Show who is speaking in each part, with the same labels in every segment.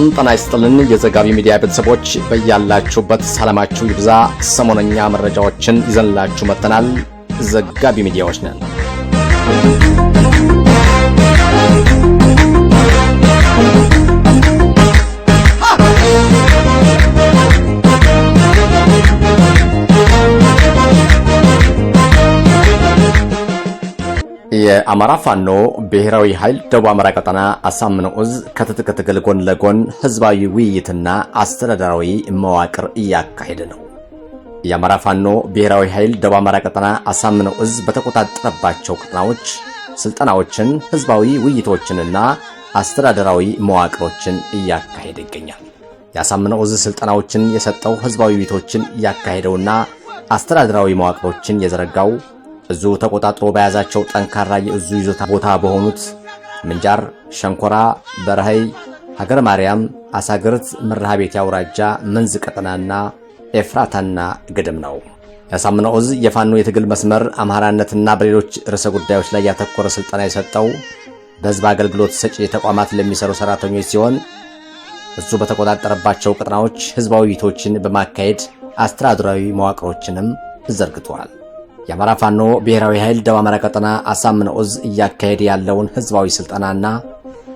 Speaker 1: ሰላም ጤና ይስጥልን። የዘጋቢ ሚዲያ ቤተሰቦች በያላችሁበት ሰላማችሁ ይብዛ። ሰሞነኛ መረጃዎችን ይዘንላችሁ መጥተናል። ዘጋቢ ሚዲያዎች ነን። የአማራ ፋኖ ብሔራዊ ኃይል ደቡብ አማራ ቀጠና አሳምነው እዝ ከትጥቅ ትግል ጎን ለጎን ህዝባዊ ውይይትና አስተዳደራዊ መዋቅር እያካሄደ ነው። የአማራ ፋኖ ብሔራዊ ኃይል ደቡብ አማራ ቀጠና አሳምነው እዝ በተቆጣጠረባቸው ቀጠናዎች ስልጠናዎችን፣ ህዝባዊ ውይይቶችንና አስተዳደራዊ መዋቅሮችን እያካሄደ ይገኛል። የአሳምነው እዝ ስልጠናዎችን የሰጠው ህዝባዊ ውይይቶችን እያካሄደውና አስተዳደራዊ መዋቅሮችን የዘረጋው እዙ ተቆጣጥሮ በያዛቸው ጠንካራ የእዙ ይዞታ ቦታ በሆኑት ምንጃር፣ ሸንኮራ፣ በረሃይ፣ ሀገረ ማርያም፣ አሳግርት፣ ቤት አውራጃ፣ መንዝ ቀጠናና ኤፍራታና ግድም ነው። ያሳምነው እዝ የፋኖ የትግል መስመር አምሃራነትና በሌሎች ርዕሰ ጉዳዮች ላይ ያተኮረ ስልጠና የሰጠው በሕዝብ አገልግሎት ሰጪ ተቋማት ለሚሰሩ ሰራተኞች ሲሆን እዙ በተቆጣጠረባቸው ቀጠናዎች ሕዝባዊ ውይይቶችን በማካሄድ አስተዳደራዊ መዋቅሮችንም ዘርግተዋል። የአማራ ፋኖ ብሔራዊ ኃይል ደቡብ አማራ ቀጠና አሳምነው ዕዝ እያካሄደ ያለውን ህዝባዊ ስልጠናና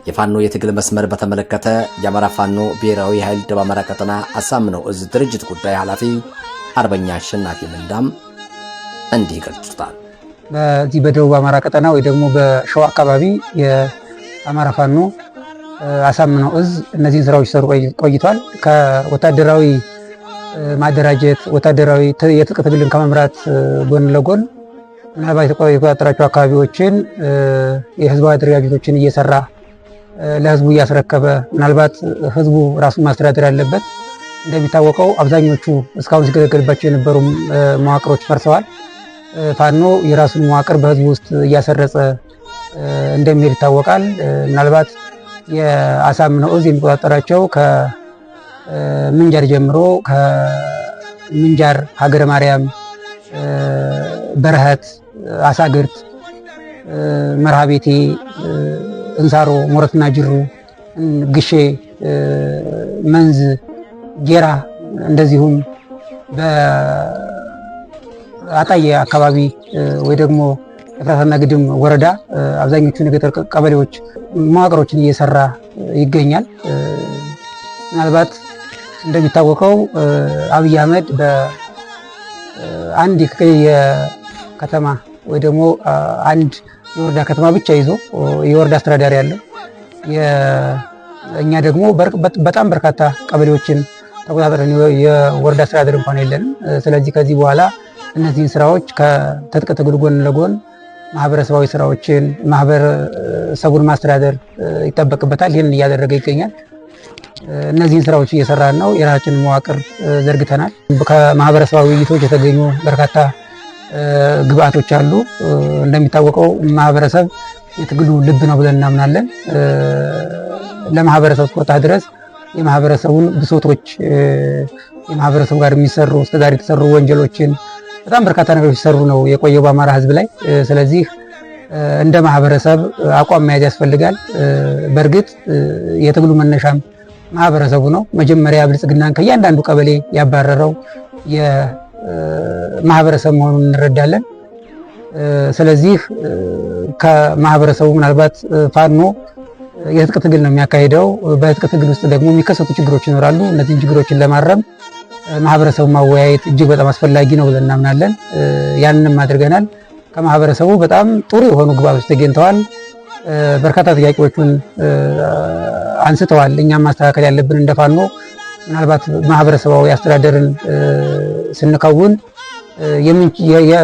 Speaker 1: የፋኖ የትግል መስመር በተመለከተ የአማራ ፋኖ ብሔራዊ ኃይል ደቡብ አማራ ቀጠና አሳምነው ዕዝ ድርጅት ጉዳይ ኃላፊ አርበኛ አሸናፊ ምንዳም እንዲህ ይገልጹታል።
Speaker 2: በዚህ በደቡብ አማራ ቀጠና ወይ ደግሞ በሸዋ አካባቢ የአማራ ፋኖ አሳምነው እዝ እነዚህን ስራዎች ሰሩ ቆይቷል። ከወታደራዊ ማደራጀት፣ ወታደራዊ የትጥቅ ትግልን ከመምራት ጎን ለጎን ምናልባት የተቆጣጠራቸው አካባቢዎችን የህዝባዊ አደረጃጀቶችን እየሰራ ለህዝቡ እያስረከበ ምናልባት ህዝቡ ራሱን ማስተዳደር ያለበት እንደሚታወቀው አብዛኞቹ እስካሁን ሲገለገልባቸው የነበሩ መዋቅሮች ፈርሰዋል። ፋኖ የራሱን መዋቅር በህዝቡ ውስጥ እያሰረጸ እንደሚሄድ ይታወቃል። ምናልባት የአሳምነው እዝ የሚቆጣጠራቸው ምንጃር ጀምሮ ከምንጃር ሀገረ ማርያም፣ በረሀት፣ አሳግርት፣ መርሃቤቴ፣ እንሳሮ፣ ሞረትና ጅሩ፣ ግሼ፣ መንዝ፣ ጌራ እንደዚሁም በአጣዬ አካባቢ ወይ ደግሞ ኤፍራታና ግድም ወረዳ አብዛኞቹን የገጠር ቀበሌዎች መዋቅሮችን እየሰራ ይገኛል። ምናልባት እንደሚታወቀው አብይ አህመድ በአንድ የከተማ ወይ ደግሞ አንድ የወረዳ ከተማ ብቻ ይዞ የወረዳ አስተዳዳሪ ያለው እኛ ደግሞ በጣም በርካታ ቀበሌዎችን ተቆጣጠረን የወረዳ አስተዳደር እንኳን የለንም። ስለዚህ ከዚህ በኋላ እነዚህን ስራዎች ከትጥቅ ትግል ጎን ለጎን ማህበረሰባዊ ስራዎችን ማህበረሰቡን ማስተዳደር ይጠበቅበታል። ይህንን እያደረገ ይገኛል። እነዚህን ስራዎች እየሰራን ነው። የራሳችን መዋቅር ዘርግተናል። ከማህበረሰባዊ ውይይቶች የተገኙ በርካታ ግብአቶች አሉ። እንደሚታወቀው ማህበረሰብ የትግሉ ልብ ነው ብለን እናምናለን። ለማህበረሰብ እስከወጣ ድረስ የማህበረሰቡን ብሶቶች፣ የማህበረሰቡ ጋር የሚሰሩ እስከዛሬ የተሰሩ ወንጀሎችን በጣም በርካታ ነገሮች ሲሰሩ ነው የቆየው በአማራ ህዝብ ላይ። ስለዚህ እንደ ማህበረሰብ አቋም መያዝ ያስፈልጋል። በእርግጥ የትግሉ መነሻም ማህበረሰቡ ነው። መጀመሪያ ብልጽግናን ከእያንዳንዱ ቀበሌ ያባረረው የማህበረሰብ መሆኑን እንረዳለን። ስለዚህ ከማህበረሰቡ ምናልባት ፋኖ የትጥቅ ትግል ነው የሚያካሄደው በትጥቅ ትግል ውስጥ ደግሞ የሚከሰቱ ችግሮች ይኖራሉ። እነዚህን ችግሮችን ለማረም ማህበረሰቡ ማወያየት እጅግ በጣም አስፈላጊ ነው ብለን እናምናለን። ያንንም አድርገናል። ከማህበረሰቡ በጣም ጥሩ የሆኑ ግብዓቶች ተገኝተዋል። በርካታ ጥያቄዎቹን አንስተዋል። እኛም ማስተካከል ያለብን እንደፋኖ ምናልባት ማህበረሰባዊ አስተዳደርን ስንከውን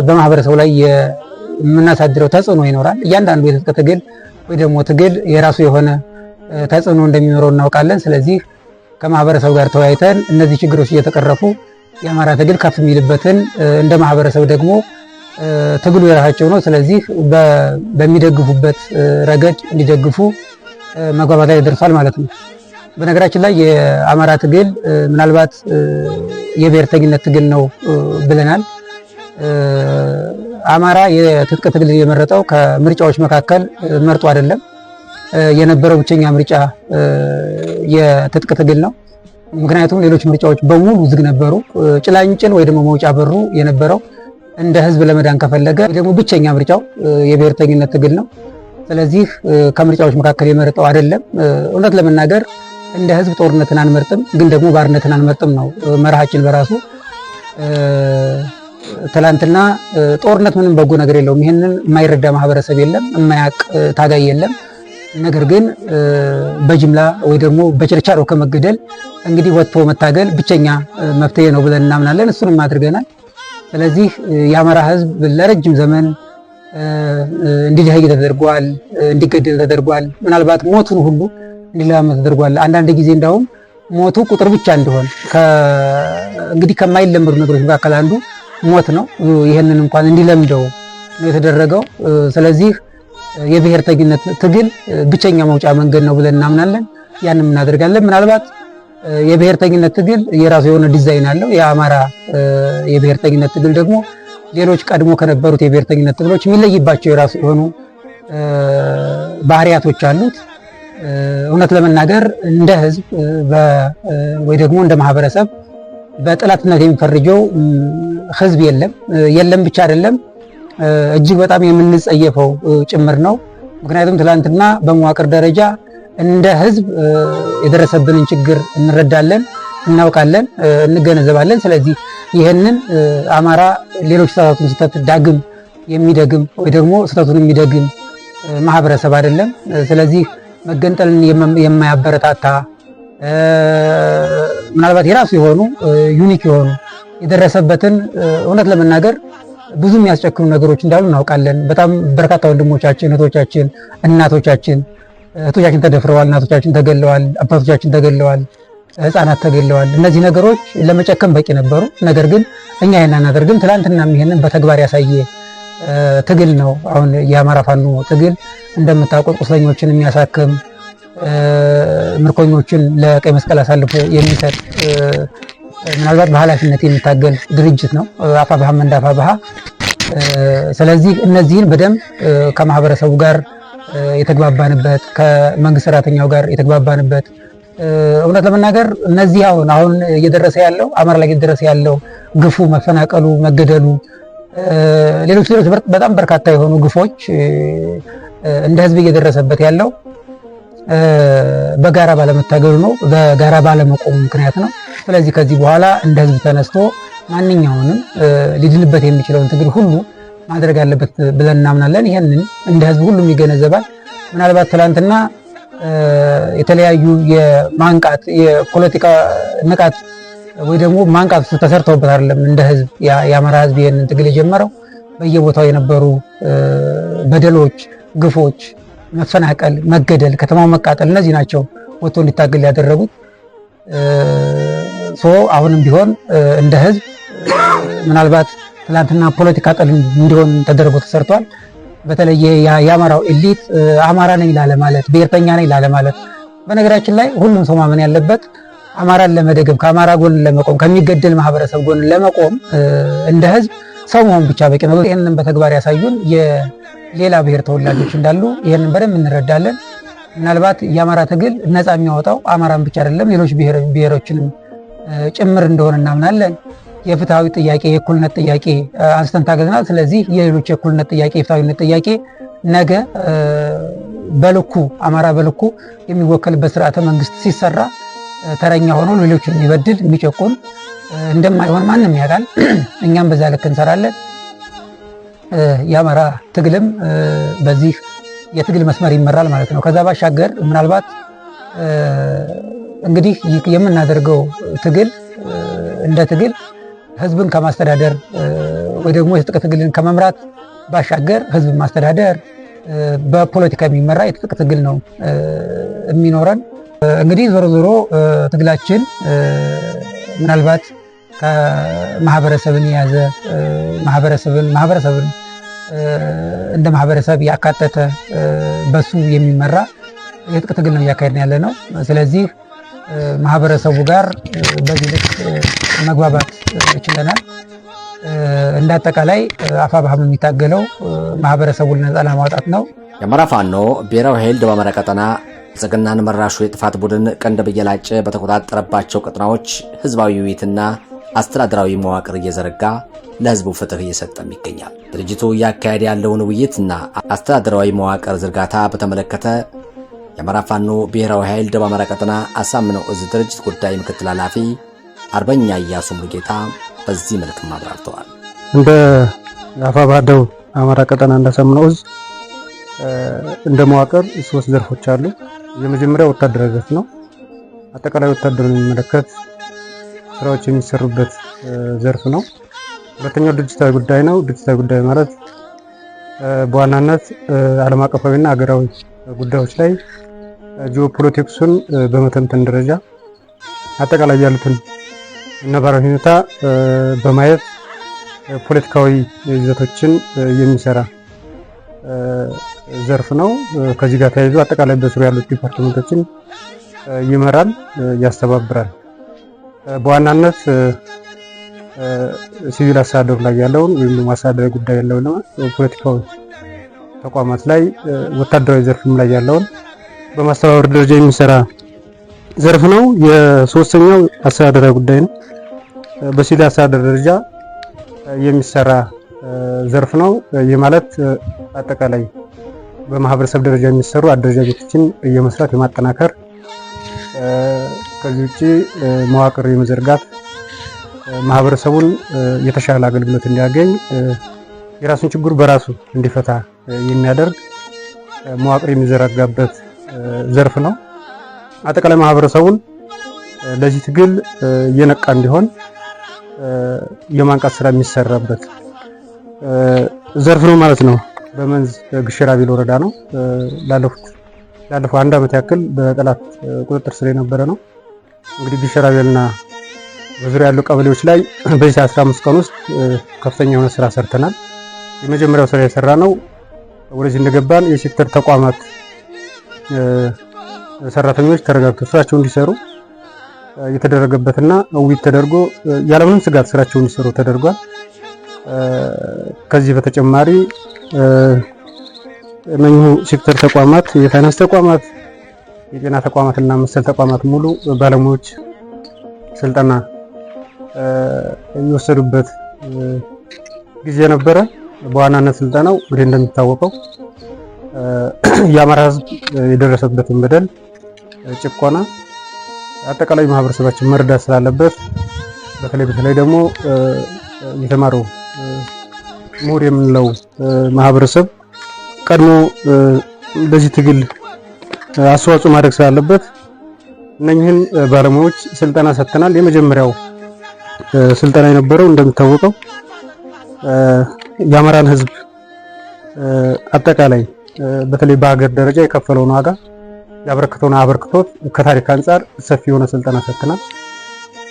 Speaker 2: በማህበረሰቡ ላይ የምናሳድረው ተጽዕኖ ይኖራል። እያንዳንዱ የትጥቅ ትግል ወይ ደግሞ ትግል የራሱ የሆነ ተጽዕኖ እንደሚኖረው እናውቃለን። ስለዚህ ከማህበረሰቡ ጋር ተወያይተን እነዚህ ችግሮች እየተቀረፉ የአማራ ትግል ከፍ የሚልበትን እንደ ማህበረሰብ ደግሞ ትግሉ የራሳቸው ነው። ስለዚህ በሚደግፉበት ረገድ እንዲደግፉ መግባባት ላይ ደርሷል ማለት ነው። በነገራችን ላይ የአማራ ትግል ምናልባት የብሔርተኝነት ትግል ነው ብለናል። አማራ የትጥቅ ትግል የመረጠው ከምርጫዎች መካከል መርጦ አይደለም። የነበረው ብቸኛ ምርጫ የትጥቅ ትግል ነው። ምክንያቱም ሌሎች ምርጫዎች በሙሉ ዝግ ነበሩ። ጭላንጭል ወይ ደግሞ መውጫ በሩ የነበረው እንደ ህዝብ ለመዳን ከፈለገ ደግሞ ብቸኛ ምርጫው የብሔርተኝነት ትግል ነው። ስለዚህ ከምርጫዎች መካከል የመረጠው አይደለም። እውነት ለመናገር እንደ ህዝብ ጦርነትን አንመርጥም፣ ግን ደግሞ ባርነትን አንመርጥም ነው መርሃችን በራሱ። ትላንትና ጦርነት ምንም በጎ ነገር የለውም። ይህንን የማይረዳ ማህበረሰብ የለም፣ የማያቅ ታጋይ የለም። ነገር ግን በጅምላ ወይ ደግሞ በችርቻሮ ከመገደል እንግዲህ ወጥቶ መታገል ብቸኛ መፍትሄ ነው ብለን እናምናለን። እሱንም አድርገናል። ስለዚህ የአማራ ህዝብ ለረጅም ዘመን እንዲለያይ ተደርጓል፣ እንዲገደል ተደርጓል። ምናልባት ሞቱን ሁሉ እንዲለማመድ ተደርጓል። አንዳንድ ጊዜ እንዳውም ሞቱ ቁጥር ብቻ እንደሆነ እንግዲህ ከማይለመዱ ነገሮች መካከል አንዱ ሞት ነው። ይህንን እንኳን እንዲለምደው ነው የተደረገው። ስለዚህ ተኝነት ትግል ብቸኛ መውጫ መንገድ ነው ብለን እናምናለን። ያንም እናደርጋለን። ምናልባት የብሔርተኝነት ትግል የራሱ የሆነ ዲዛይን አለው። የአማራ የብሔርተኝነት ትግል ደግሞ ሌሎች ቀድሞ ከነበሩት የብሔርተኝነት ትግሎች የሚለይባቸው የራሱ የሆኑ ባህሪያቶች አሉት። እውነት ለመናገር እንደ ህዝብ ወይ ደግሞ እንደ ማህበረሰብ በጠላትነት የሚፈርጀው ህዝብ የለም የለም ብቻ አይደለም፣ እጅግ በጣም የምንጸየፈው ጭምር ነው። ምክንያቱም ትላንትና በመዋቅር ደረጃ እንደ ህዝብ የደረሰብንን ችግር እንረዳለን፣ እናውቃለን፣ እንገነዘባለን። ስለዚህ ይህንን አማራ ሌሎች ስህተቱን ስህተት ዳግም የሚደግም ወይ ደግሞ ስህተቱን የሚደግም ማህበረሰብ አይደለም። ስለዚህ መገንጠልን የማያበረታታ ምናልባት የራሱ የሆኑ ዩኒክ የሆኑ የደረሰበትን እውነት ለመናገር ብዙ የሚያስጨክኑ ነገሮች እንዳሉ እናውቃለን። በጣም በርካታ ወንድሞቻችን፣ እህቶቻችን፣ እናቶቻችን እህቶቻችን ተደፍረዋል፣ እናቶቻችን ተገለዋል፣ አባቶቻችን ተገለዋል። ህጻናት ተገለዋል። እነዚህ ነገሮች ለመጨከም በቂ ነበሩ። ነገር ግን እኛ ይህን አናደርግም። ትላንትና ይህንን በተግባር ያሳየ ትግል ነው። አሁን የአማራ ፋኖ ትግል እንደምታውቁት ቁስለኞችን የሚያሳክም ምርኮኞችን ለቀይ መስቀል አሳልፎ የሚሰጥ ምናልባት በኃላፊነት የሚታገል ድርጅት ነው አፋብሃ መንዳ አፋብሃ። ስለዚህ እነዚህን በደንብ ከማህበረሰቡ ጋር የተግባባንበት ከመንግስት ሰራተኛው ጋር የተግባባንበት እውነት ለመናገር እነዚህ አሁን አሁን እየደረሰ ያለው አማራ ላይ እየደረሰ ያለው ግፉ፣ መፈናቀሉ፣ መገደሉ፣ ሌሎች ሌሎች በጣም በርካታ የሆኑ ግፎች እንደ ህዝብ እየደረሰበት ያለው በጋራ ባለመታገሉ ነው፣ በጋራ ባለመቆሙ ምክንያት ነው። ስለዚህ ከዚህ በኋላ እንደ ህዝብ ተነስቶ ማንኛውንም ሊድንበት የሚችለውን ትግል ሁሉ ማድረግ አለበት ብለን እናምናለን። ይህንን እንደ ህዝብ ሁሉም ይገነዘባል። ምናልባት ትላንትና የተለያዩ የማንቃት የፖለቲካ ንቃት ወይ ደግሞ ማንቃት ተሰርተውበት አይደለም። እንደ ህዝብ የአማራ ህዝብ ይህንን ትግል የጀመረው በየቦታው የነበሩ በደሎች፣ ግፎች፣ መፈናቀል፣ መገደል፣ ከተማው መቃጠል እነዚህ ናቸው ወጥቶ እንዲታገል ያደረጉት። አሁንም ቢሆን እንደ ህዝብ ምናልባት ትናንትና ፖለቲካ ጠል እንዲሆን ተደርጎ ተሰርቷል። በተለይ የአማራው ኤሊት አማራ ነኝ ላለ ማለት ብሔርተኛ ነኝ ላለ ማለት በነገራችን ላይ ሁሉም ሰው ማመን ያለበት አማራን ለመደገም ከአማራ ጎን ለመቆም ከሚገደል ማህበረሰብ ጎን ለመቆም እንደ ህዝብ ሰው መሆን ብቻ በቂ ነው። ይህንን በተግባር ያሳዩን የሌላ ብሔር ተወላጆች እንዳሉ ይህንን በደንብ እንረዳለን። ምናልባት የአማራ ትግል ነፃ የሚያወጣው አማራን ብቻ አይደለም ሌሎች ብሔሮችንም ጭምር እንደሆነ እናምናለን። የፍትሐዊ ጥያቄ የእኩልነት ጥያቄ አንስተን ታገዝናል። ስለዚህ የሌሎች የእኩልነት ጥያቄ የፍትሐዊነት ጥያቄ ነገ በልኩ አማራ በልኩ የሚወከልበት ስርዓተ መንግስት ሲሰራ ተረኛ ሆኖ ሌሎች የሚበድል የሚጨቁን እንደማይሆን ማንም ያውቃል። እኛም በዛ ልክ እንሰራለን። የአማራ ትግልም በዚህ የትግል መስመር ይመራል ማለት ነው። ከዛ ባሻገር ምናልባት እንግዲህ የምናደርገው ትግል እንደ ትግል ህዝብን ከማስተዳደር ወይ ደግሞ የትጥቅ ትግልን ከመምራት ባሻገር ህዝብን ማስተዳደር በፖለቲካ የሚመራ የትጥቅ ትግል ነው የሚኖረን። እንግዲህ ዞሮ ዞሮ ትግላችን ምናልባት ከማህበረሰብን የያዘ ማህበረሰብን ማህበረሰብን እንደ ማህበረሰብ ያካተተ በሱ የሚመራ የትጥቅ ትግል ነው እያካሄድን ያለ ነው። ስለዚህ ማህበረሰቡ ጋር በዚህ ልክ መግባባት ችለናል። እንደ አጠቃላይ የሚታገለው ማህበረሰቡን ነፃ ለማውጣት ነው።
Speaker 1: የአማራ ፋኖ ብሔራዊ ኃይል ደቡብ አማራ ቀጠና ብልጽግናን መራሹ የጥፋት ቡድን ቀንድ እየላጨ በተቆጣጠረባቸው ቀጠናዎች ህዝባዊ ውይይትና አስተዳደራዊ መዋቅር እየዘረጋ ለህዝቡ ፍትህ እየሰጠም ይገኛል። ድርጅቱ እያካሄደ ያለውን ውይይትና አስተዳደራዊ መዋቅር ዝርጋታ በተመለከተ የአማራ ፋኖ ብሔራዊ ኃይል ደቡብ አማራ ቀጠና አሳምነው እዝ ድርጅት ጉዳይ ምክትል ኃላፊ አርበኛ እያሱ ሙሉጌታ በዚህ መልክም አብራርተዋል።
Speaker 2: እንደ አፋባ ደቡብ አማራ ቀጠና እንዳሳምነው እዝ እንደ መዋቅር ሶስት ዘርፎች አሉ። የመጀመሪያ ወታደራዊ ዘርፍ ነው። አጠቃላይ ወታደርን የሚመለከት ስራዎች የሚሰሩበት ዘርፍ ነው። ሁለተኛው ድርጅታዊ ጉዳይ ነው። ድርጅታዊ ጉዳይ ማለት በዋናነት ዓለም አቀፋዊና ሀገራዊ ጉዳዮች ላይ ጂኦፖለቲክሱን በመተንተን ደረጃ አጠቃላይ ያሉትን ነባራዊ ሁኔታ በማየት ፖለቲካዊ ይዘቶችን የሚሰራ ዘርፍ ነው። ከዚህ ጋር ተያይዞ አጠቃላይ በስሩ ያሉት ዲፓርትመንቶችን ይመራል፣ ያስተባብራል። በዋናነት ሲቪል አስተዳደሩ ላይ ያለውን ወይም ደግሞ አስተዳደራዊ ጉዳይ ያለውን ፖለቲካዊ ተቋማት ላይ ወታደራዊ ዘርፍም ላይ ያለውን በማስተባበር ደረጃ የሚሰራ ዘርፍ ነው። የሶስተኛው አስተዳደራዊ ጉዳይ ነው። በሲቪል አስተዳደር ደረጃ የሚሰራ ዘርፍ ነው። ይህ ማለት አጠቃላይ በማህበረሰብ ደረጃ የሚሰሩ አደረጃጀቶችን የመስራት የማጠናከር፣ ከዚህ ውጭ መዋቅር የመዘርጋት ማህበረሰቡን የተሻለ አገልግሎት እንዲያገኝ የራሱን ችግር በራሱ እንዲፈታ የሚያደርግ መዋቅር የሚዘረጋበት ዘርፍ ነው። አጠቃላይ ማህበረሰቡን ለዚህ ትግል እየነቃ እንዲሆን የማንቃት ስራ የሚሰራበት ዘርፍ ነው ማለት ነው። በመንዝ ግሸራቢል ወረዳ ነው። ላለፈው አንድ ዓመት ያክል በጠላት ቁጥጥር ስር የነበረ ነው። እንግዲህ ግሸራቢልና በዙሪያ ያሉ ቀበሌዎች ላይ በዚህ 15 ቀን ውስጥ ከፍተኛ የሆነ ስራ ሰርተናል። የመጀመሪያው ስራ የሰራ ነው ወደዚህ እንደገባን የሴክተር ተቋማት ሰራተኞች ተረጋግተው ስራቸው እንዲሰሩ የተደረገበትና ውይይት ተደርጎ ያለምንም ስጋት ስራቸው እንዲሰሩ ተደርጓል። ከዚህ በተጨማሪ እነኚሁ ሴክተር ተቋማት የፋይናንስ ተቋማት፣ የጤና ተቋማትና መሰል ተቋማት ሙሉ ባለሙያዎች ስልጠና እየወሰዱበት ጊዜ ነበረ። በዋናነት ስልጠናው እንግዲህ እንደሚታወቀው የአማራ ህዝብ የደረሰበትን በደል፣ ጭቆና አጠቃላይ ማህበረሰባችን መርዳት ስላለበት በተለይ በተለይ ደግሞ የተማረው ምሁር የምንለው ማህበረሰብ ቀድሞ ለዚህ ትግል አስተዋጽኦ ማድረግ ስላለበት እነኝህን ባለሙያዎች ስልጠና ሰጥተናል። የመጀመሪያው ስልጠና የነበረው እንደሚታወቀው የአማራን ህዝብ አጠቃላይ በተለይ በሀገር ደረጃ የከፈለውን ዋጋ ያበረከተውን አበርክቶት ከታሪክ አንጻር ሰፊ የሆነ ስልጠና ሰጥተናል።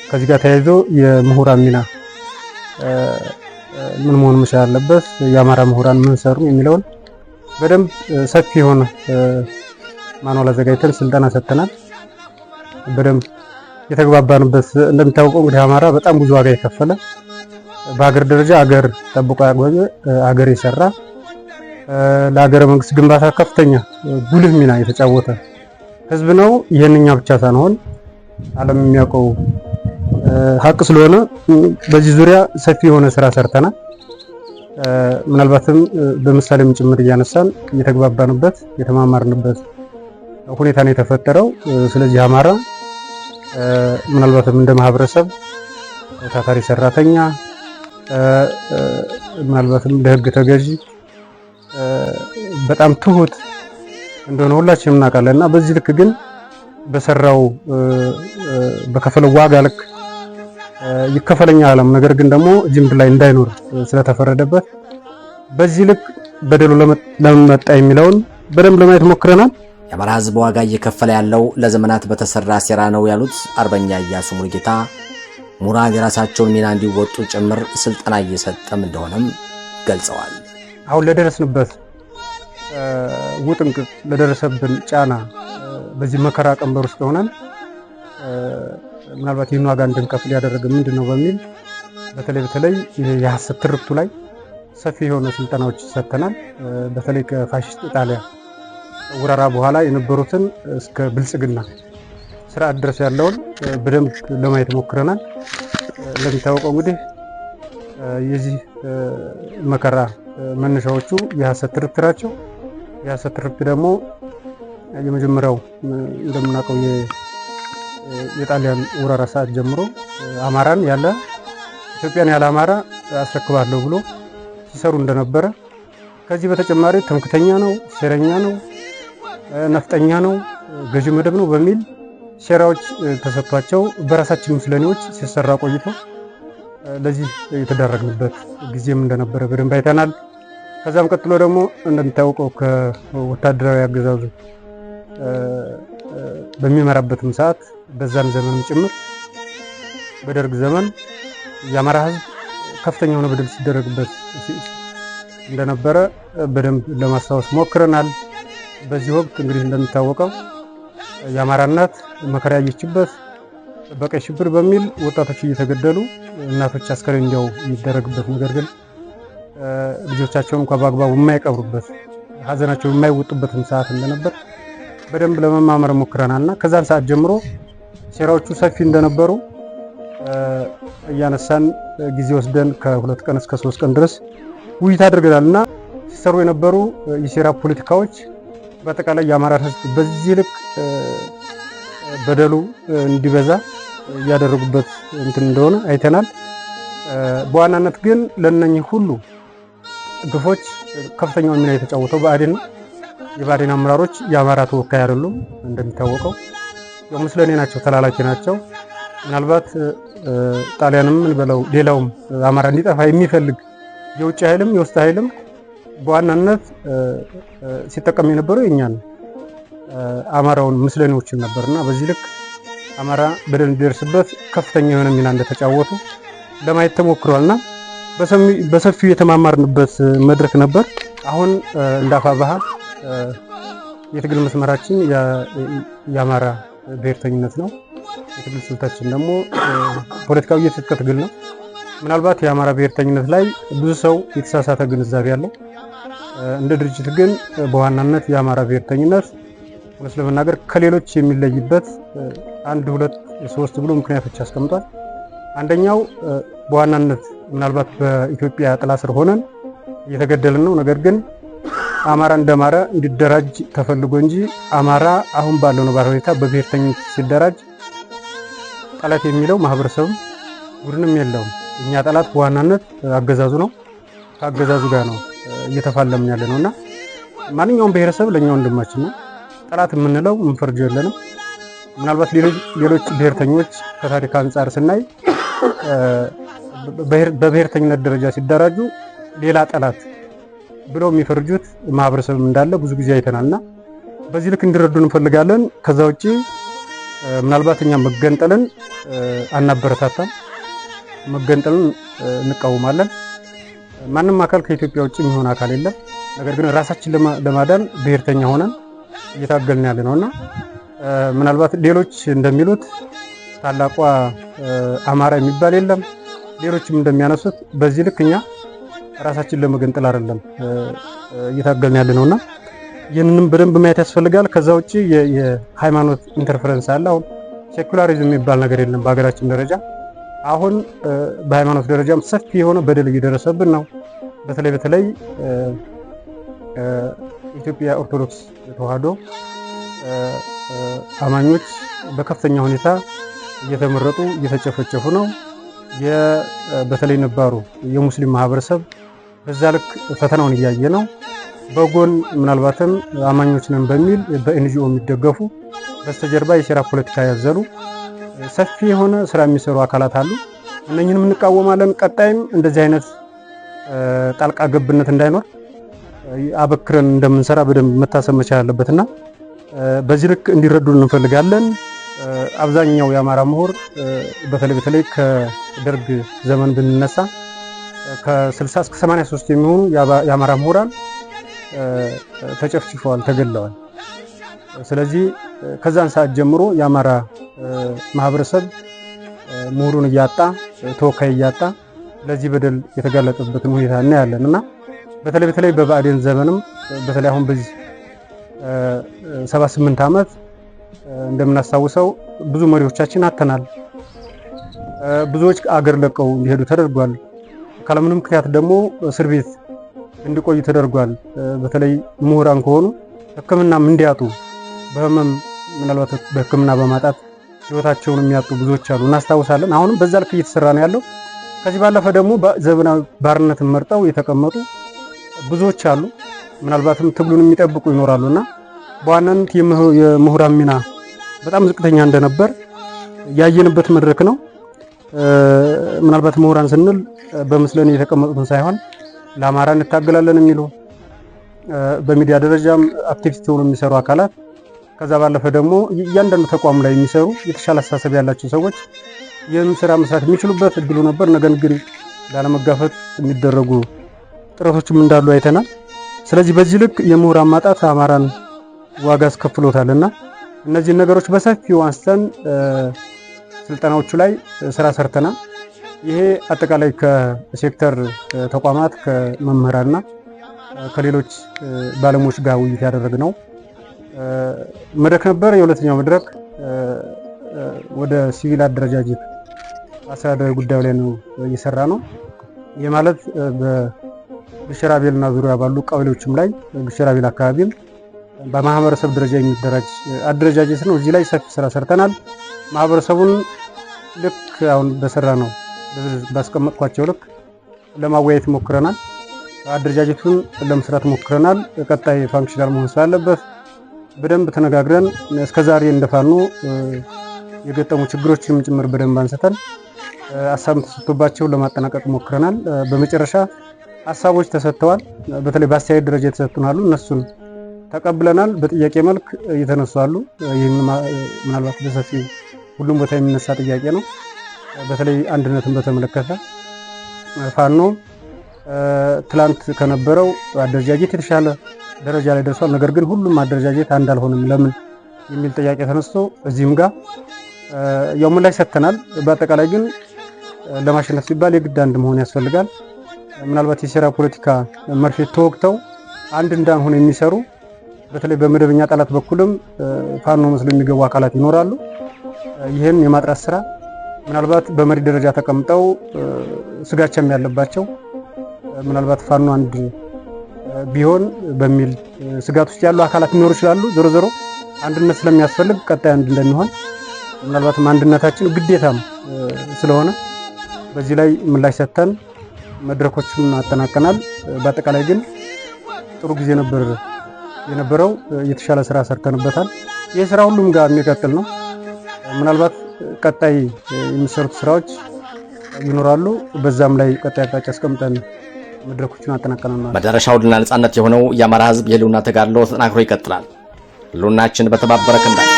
Speaker 2: ከዚህ ጋር ተያይዞ የምሁራን ሚና ምን መሆን መቻል አለበት፣ የአማራ ምሁራን ምን ሰሩ የሚለውን በደንብ ሰፊ የሆነ ማኗል አዘጋጅተን ስልጠና ሰጥተናል። በደንብ የተግባባንበት። እንደሚታወቀው እንግዲህ አማራ በጣም ብዙ ዋጋ የከፈለ በሀገር ደረጃ አገር ጠብቆ ያጓዘ አገር የሰራ ለሀገረ መንግስት ግንባታ ከፍተኛ ጉልህ ሚና የተጫወተ ህዝብ ነው። ይህንኛ ብቻ ሳንሆን ዓለም የሚያውቀው ሀቅ ስለሆነ በዚህ ዙሪያ ሰፊ የሆነ ስራ ሰርተናል። ምናልባትም በምሳሌም ጭምር እያነሳን የተግባባንበት የተማማርንበት ሁኔታ ነው የተፈጠረው። ስለዚህ አማራ ምናልባትም እንደ ማህበረሰብ ታታሪ ሰራተኛ፣ ምናልባትም ለህግ ተገዢ በጣም ትሁት እንደሆነ ሁላችንም እናውቃለን እና በዚህ ልክ ግን በሰራው በከፈለው ዋጋ ልክ ይከፈለኛ አለም ነገር ግን ደግሞ ጅምድ ላይ እንዳይኖር ስለተፈረደበት በዚህ ልክ በደሉ ለመመጣ የሚለውን በደንብ ለማየት ሞክረናል።
Speaker 1: የአማራ ሕዝብ ዋጋ እየከፈለ ያለው ለዘመናት በተሰራ ሴራ ነው ያሉት አርበኛ እያሱ ሙሉጌታ ምሁራን የራሳቸውን ሚና እንዲወጡ ጭምር ስልጠና እየሰጠም እንደሆነም ገልጸዋል።
Speaker 2: አሁን ለደረስንበት ውጥንቅጥ ለደረሰብን ጫና በዚህ መከራ ቀንበር ውስጥ ሆነን ምናልባት ይህን ዋጋ እንድንከፍል ያደረገ ምንድን ነው በሚል በተለይ በተለይ የሀሰት ትርክቱ ላይ ሰፊ የሆነ ስልጠናዎች ሰጥተናል። በተለይ ከፋሽስት ኢጣሊያ ወረራ በኋላ የነበሩትን እስከ ብልጽግና ስርዓት ድረስ ያለውን በደንብ ለማየት ሞክረናል። እንደሚታወቀው እንግዲህ የዚህ መከራ መነሻዎቹ የሐሰት ትርክት ናቸው። የሐሰት ትርክት ደግሞ የመጀመሪያው እንደምናውቀው የጣሊያን ወረራ ሰዓት ጀምሮ አማራን ያለ ኢትዮጵያን ያለ አማራ አስረክባለሁ ብሎ ሲሰሩ እንደነበረ ከዚህ በተጨማሪ ትምክተኛ ነው፣ ሴረኛ ነው፣ ነፍጠኛ ነው፣ ገዢ መደብ ነው በሚል ሴራዎች ተሰጥቷቸው በራሳችን ምስለኔዎች ሲሰራ ቆይቶ ለዚህ የተዳረግንበት ጊዜም እንደነበረ በደንብ አይተናል። ከዛም ቀጥሎ ደግሞ እንደሚታወቀው ከወታደራዊ አገዛዙ በሚመራበትም ሰዓት በዛም ዘመንም ጭምር በደርግ ዘመን የአማራ ህዝብ ከፍተኛ የሆነ በደል ሲደረግበት እንደነበረ በደንብ ለማስታወስ ሞክረናል። በዚህ ወቅት እንግዲህ እንደሚታወቀው የአማራ እናት መከራ ያየችበት በቀይ ሽብር በሚል ወጣቶች እየተገደሉ እናቶች አስከሬን እንዲያው የሚደረግበት ነገር ግን ልጆቻቸውን እንኳ በአግባቡ የማይቀብሩበት ሀዘናቸውን የማይወጡበትም ሰዓት እንደነበር በደንብ ለመማመር ሞክረናል እና ከዛን ሰዓት ጀምሮ ሴራዎቹ ሰፊ እንደነበሩ እያነሳን ጊዜ ወስደን ከሁለት ቀን እስከ ሶስት ቀን ድረስ ውይይት አድርገናል እና ሲሰሩ የነበሩ የሴራ ፖለቲካዎች በአጠቃላይ የአማራ ሕዝብ በዚህ ልክ በደሉ እንዲበዛ እያደረጉበት እንትን እንደሆነ አይተናል። በዋናነት ግን ለነኝህ ሁሉ ግፎች ከፍተኛውን ሚና የተጫወተው ብአዴን ነው። የብአዴን አመራሮች የአማራ ተወካይ አይደሉም። እንደሚታወቀው የሙስለኔ ናቸው፣ ተላላኪ ናቸው። ምናልባት ጣሊያንም እንበለው ሌላውም አማራ እንዲጠፋ የሚፈልግ የውጭ ኃይልም የውስጥ ኃይልም በዋናነት ሲጠቀም የነበረው የእኛን አማራውን ሙስለኔዎችን ነበርና በዚህ ልክ አማራ በደል እንዲደርስበት ከፍተኛ የሆነ ሚና እንደተጫወቱ ለማየት ተሞክሯልና በሰፊው የተማማርንበት መድረክ ነበር። አሁን እንደ አፋብኃ የትግል መስመራችን የአማራ ብሔርተኝነት ነው። የትግል ስልታችን ደግሞ ፖለቲካዊ የትጥቅ ትግል ነው። ምናልባት የአማራ ብሔርተኝነት ላይ ብዙ ሰው የተሳሳተ ግንዛቤ አለው። እንደ ድርጅት ግን በዋናነት የአማራ ብሔርተኝነት እውነት ለመናገር ከሌሎች የሚለይበት አንድ ሁለት ሶስት ብሎ ምክንያቶች አስቀምጧል። አንደኛው በዋናነት ምናልባት በኢትዮጵያ ጥላ ስር ሆነን እየተገደልን ነው። ነገር ግን አማራ እንደ አማራ እንዲደራጅ ተፈልጎ እንጂ አማራ አሁን ባለው ነባር ሁኔታ በብሔርተኞች ሲደራጅ ጠላት የሚለው ማህበረሰብ ቡድንም የለውም። እኛ ጠላት በዋናነት አገዛዙ ነው። ከአገዛዙ ጋር ነው እየተፋለምን ያለ ነው እና ማንኛውም ብሔረሰብ ለእኛ ወንድማችን ነው። ጠላት የምንለው ምንፈርጆ የለንም። ምናልባት ሌሎች ብሔርተኞች ከታሪክ አንጻር ስናይ በብሔርተኝነት ደረጃ ሲደራጁ ሌላ ጠላት ብለው የሚፈርጁት ማህበረሰብም እንዳለ ብዙ ጊዜ አይተናልና በዚህ ልክ እንዲረዱ እንፈልጋለን። ከዛ ውጭ ምናልባት እኛ መገንጠልን አናበረታታም፣ መገንጠልን እንቃወማለን። ማንም አካል ከኢትዮጵያ ውጭ የሚሆን አካል የለም። ነገር ግን ራሳችን ለማዳን ብሔርተኛ ሆነን እየታገልን ያለ ነውና ምናልባት ሌሎች እንደሚሉት ታላቋ አማራ የሚባል የለም። ሌሎችም እንደሚያነሱት በዚህ ልክ እኛ ራሳችን ለመገንጠል አይደለም እየታገልን ያለ ነውና ይህንንም በደንብ ማየት ያስፈልጋል። ከዛ ውጭ የሃይማኖት ኢንተርፈረንስ አለ። አሁን ሴኩላሪዝም የሚባል ነገር የለም በሀገራችን ደረጃ። አሁን በሃይማኖት ደረጃም ሰፊ የሆነ በደል እየደረሰብን ነው። በተለይ በተለይ ኢትዮጵያ ኦርቶዶክስ ተዋህዶ አማኞች በከፍተኛ ሁኔታ እየተመረጡ እየተጨፈጨፉ ነው። በተለይ ነባሩ የሙስሊም ማህበረሰብ በዛ ልክ ፈተናውን እያየ ነው። በጎን ምናልባትም አማኞች ነን በሚል በኤንጂኦ የሚደገፉ በስተጀርባ የሴራ ፖለቲካ ያዘሉ ሰፊ የሆነ ስራ የሚሰሩ አካላት አሉ። እነኝንም እንቃወማለን። ቀጣይም እንደዚህ አይነት ጣልቃ ገብነት እንዳይኖር አበክረን እንደምንሰራ በደንብ መታሰብ መቻል አለበትና በዚህ ልክ እንዲረዱ እንፈልጋለን። አብዛኛው የአማራ ምሁር በተለይ በተለይ ከደርግ ዘመን ብንነሳ ከ60 እስከ 83 የሚሆኑ የአማራ ምሁራን ተጨፍጭፈዋል፣ ተገለዋል። ስለዚህ ከዛን ሰዓት ጀምሮ የአማራ ማህበረሰብ ምሁሩን እያጣ ተወካይ እያጣ ለዚህ በደል የተጋለጠበትን ሁኔታ እናያለን እና በተለይ በተለይ በብአዴን ዘመንም በተለይ አሁን በዚህ 78 ዓመት እንደምናስታውሰው ብዙ መሪዎቻችን አተናል። ብዙዎች አገር ለቀው እንዲሄዱ ተደርጓል። ካለምንም ምክንያት ደግሞ እስር ቤት እንዲቆዩ ተደርጓል። በተለይ ምሁራን ከሆኑ ሕክምናም እንዲያጡ በህመም ምናልባት በሕክምና በማጣት ህይወታቸውን የሚያጡ ብዙዎች አሉ፣ እናስታውሳለን። አሁንም በዛ ልክ እየተሰራ ነው ያለው። ከዚህ ባለፈ ደግሞ ዘመናዊ ባርነትን መርጠው የተቀመጡ ብዙዎች አሉ። ምናልባትም ትግሉን የሚጠብቁ እና በዋናነት የምሁራን ሚና በጣም ዝቅተኛ እንደነበር ያየንበት መድረክ ነው። ምናልባት ምሁራን ስንል በምስለን የተቀመጡትን ሳይሆን ለአማራ እንታገላለን የሚሉ በሚዲያ ደረጃም አክቲቪስት ሆኖ የሚሰሩ አካላት፣ ከዛ ባለፈ ደግሞ እያንዳንዱ ተቋም ላይ የሚሰሩ የተሻለ አስተሳሰብ ያላቸው ሰዎች ይህም ስራ መስራት የሚችሉበት እድሉ ነበር። ነገር ግን ላለመጋፈጥ የሚደረጉ ጥረቶችም እንዳሉ አይተናል። ስለዚህ በዚህ ልክ የምሁራን ማጣት አማራን ዋጋ አስከፍሎታል እና እነዚህን ነገሮች በሰፊው አንስተን ስልጠናዎቹ ላይ ስራ ሰርተናል። ይሄ አጠቃላይ ከሴክተር ተቋማት ከመምህራንና ከሌሎች ባለሙያዎች ጋር ውይይት ያደረግነው መድረክ ነበር። የሁለተኛው መድረክ ወደ ሲቪል አደረጃጀት አስተዳደር ጉዳዩ ላይ ነው እየሰራ ነው። ይህ ማለት በግሸራቤልና ዙሪያ ባሉ ቀበሌዎችም ላይ ግሸራቤል አካባቢም በማህበረሰብ ደረጃ የሚደራጅ አደረጃጀት ነው። እዚህ ላይ ሰፊ ስራ ሰርተናል። ማህበረሰቡን ልክ አሁን በሰራ ነው ባስቀመጥኳቸው ልክ ለማወያየት ሞክረናል። አደረጃጀቱን ለመስራት ሞክረናል። ቀጣይ ፋንክሽናል መሆን ስላለበት በደንብ ተነጋግረን እስከዛሬ እንደፋኑ የገጠሙ ችግሮችንም ጭምር በደንብ አንስተን ሀሳብ ተሰጥቶባቸው ለማጠናቀቅ ሞክረናል። በመጨረሻ ሀሳቦች ተሰጥተዋል። በተለይ በአስተያየት ደረጃ አሉ። እነሱን ተቀብለናል። በጥያቄ መልክ እየተነሱ አሉ። ይህን ምናልባት በሰፊ ሁሉም ቦታ የሚነሳ ጥያቄ ነው። በተለይ አንድነትን በተመለከተ ፋኖ ትላንት ከነበረው አደረጃጀት የተሻለ ደረጃ ላይ ደርሷል። ነገር ግን ሁሉም አደረጃጀት አንድ አልሆንም ለምን የሚል ጥያቄ ተነስቶ እዚህም ጋር ያው ምላሽ ሰጥተናል። በአጠቃላይ ግን ለማሸነፍ ሲባል የግድ አንድ መሆን ያስፈልጋል። ምናልባት የሴራ ፖለቲካ መርፌት ተወግተው አንድ እንዳንሆን የሚሰሩ በተለይ በመደበኛ ጠላት በኩልም ፋኖ መስሎ የሚገቡ አካላት ይኖራሉ። ይህን የማጥራት ስራ ምናልባት በመሪ ደረጃ ተቀምጠው ስጋቸም ያለባቸው ምናልባት ፋኖ አንድ ቢሆን በሚል ስጋት ውስጥ ያሉ አካላት ሊኖሩ ይችላሉ። ዞሮ ዞሮ አንድነት ስለሚያስፈልግ ቀጣይ አንድ እንደሚሆን ምናልባትም አንድነታችን ግዴታም ስለሆነ በዚህ ላይ ምላሽ ሰጥተን መድረኮችን አጠናቀናል። በአጠቃላይ ግን ጥሩ ጊዜ ነበር። የነበረው የተሻለ ስራ ሰርተንበታል። ይህ ስራ ሁሉም ጋር የሚቀጥል ነው። ምናልባት ቀጣይ የሚሰሩት ስራዎች ይኖራሉ። በዛም ላይ ቀጣይ አቅጣጫ አስቀምጠን መድረኮቹን አጠናቀናል።
Speaker 1: መዳረሻው ድልና ነጻነት የሆነው የአማራ ህዝብ የህልውና ተጋድሎ ተጠናክሮ ይቀጥላል። ህልውናችን በተባበረ ክንዳችን